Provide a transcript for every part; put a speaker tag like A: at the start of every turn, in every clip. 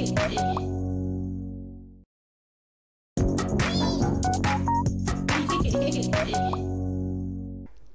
A: Thank you.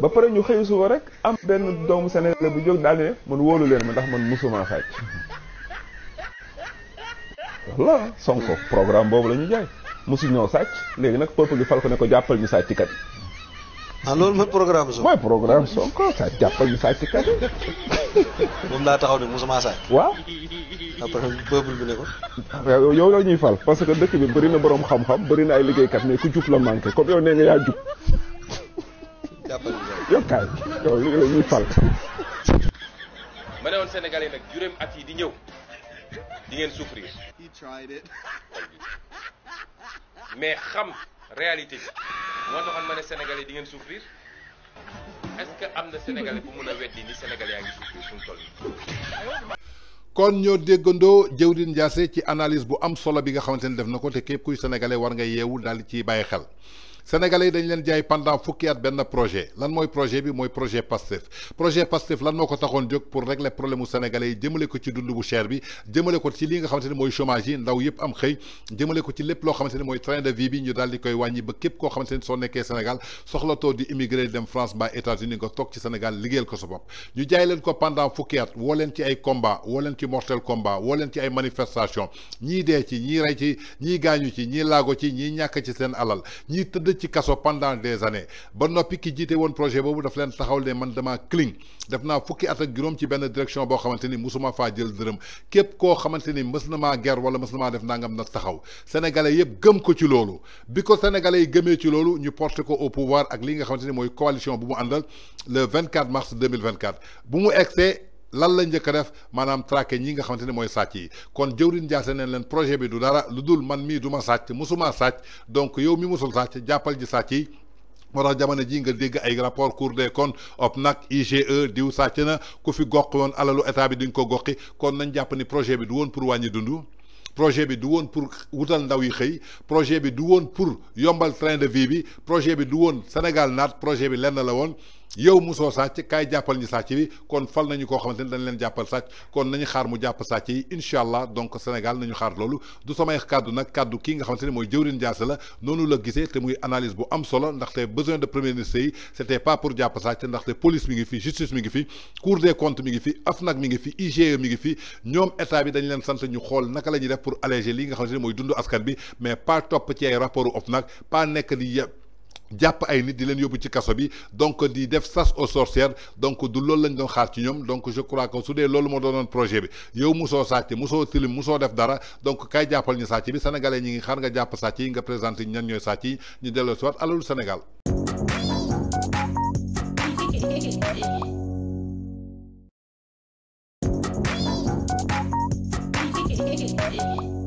A: ba pare ñu xëyu suba rek am benn doomu sénégalais bu jóg daal ne man wóolu leen ma ndax man musuma xaj wala sonko programme boobu lañu jaay musu ñoo sàcc léegi nag peuple bi fal ko ne ko jàppal ñu sàcc kat ah loolu mooy programme sonko mooy programme sonko sa jàppal ñu sàcc kat moom laa taxaw ne musuma sàcc waaw après peuple bi ne ko yow la ñuy fal parce que dëkk bi bëri na borom xam-xam bëri na ay liggéeykat mais ku jub la manqué comme yow nee nga yaa jub yokkaay yow yow ñuy fal. ma ne woon Sénégal yi nag juróom at yi di ñëw di ngeen souffrir. mais xam réalité bi moo taxoon ma ne Sénégal di ngeen souffrir est-ce que am na Sénégalais bu mun a weddi ni Sénégalais kon ñoo déggandoo jëwriñ Ndiassé ci analise bu am solo bi nga xamante ne def na ko te képp kuy sénégalais war nga yeewu daal di ciy bàyyi xel. sénégalais dañ leen jaay pendant fukki at benn projet lan mooy projet bi mooy projet PASTEF projet PASTEF lan moo ko taxoon jóg pour régler problème sénégalais yi jëmale ko ci dund bu cher bi jëmale ko ci li nga xamante ne mooy chômage yi ndaw yëpp am xëy jëmale ko ci lépp loo xamante ne mooy train de vie bi ñu daal di koy wàññi ba képp koo xamante ne soo nekkee Sénégal soxlatoo di immigré dem France ba États-Unis nga toog ci Sénégal liggéeyal ko sa bopp ñu jaay leen ko pendant fukki at woo leen ci ay combat woo leen ci mortel combat woo leen ci ay manifestation ñii dee ci ñii rey ci ñii gaañu ci ñii laago ci ñii ñàkk ci seen alal ñii tëdd ci pendant des années ba noppi ki jiite woon projet boobu daf leen taxaw ne man dama cling def naa fukki at ak juróom ci benn direction boo à maintenir musuma faa jël dërëm képp koo xamante ni mës na maa ger wala mës na maa def nangam na taxaw sénégalais yëpp gëm ko ci loolu bi sénégalais yi gëmee ci loolu ñu porté ko au pouvoir ak li nga xamante ni coalition bu mu le 24 mars 2024 bu mu egsee lan la njëkk def maanaam traqué ñi nga xamante ne mooy sàcc yi kon jëwriñ jaase neen leen projet bi du dara lu dul man mii duma sàcc musuma sàcc donc yow mi musul sàcc jàppal ji sàcc yi moo tax jamono ji nga dégg ay rapport de kon comptes nag IGE diw sàcc na ku fi gox woon alalu état bi duñ ko goxi kon nañ jàpp ni projet bi du woon pour wàññi dund projet bi du woon pour wutal ndaw yi xëy projet bi du woon pour yombal train de vie bi projet bi du woon Sénégal naat projet bi lenn la woon yow mosoo sàcc kaay jàppal ñu sàcc bi kon fal nañu koo xamante ni dañ leen jàppal sàcc kon nañu xaar mu jàpp sàcc yi incha allah donc Sénégal nañu xaar loolu du samay kàddu nag kàddu kii nga xamante ni mooy jëwrin Diasse la noonu la gisee te muy analyse bu am solo ndaxte besoin de premier ministre yi c' était pas pour jàpp sàcc ndaxte police mi ngi fi justice mi ngi fi cour des comptes mi ngi fi AFNAC mi ngi fi IGE mi ngi fi ñoom état bi dañ leen sant ñu xool naka la ñuy def pour alléger li nga xamante ni mooy dundu askan bi mais pas topp ci ay rapport u OFNAC pas nekk di diap ay nit di leen yóbbu ci donc di def sas aux sorcières donc du loolu lañ doon xaar donc je crois que su dee loolu moo projet bi yow musoo sàcc musoo tilim musoo def dara donc kay jàppal ñu sàcc bi sénégalais ñi ngi xaar nga jàpp sàcc yi nga présenté ñan ñooy sàcc yi ñu delloo si waat Sénégal.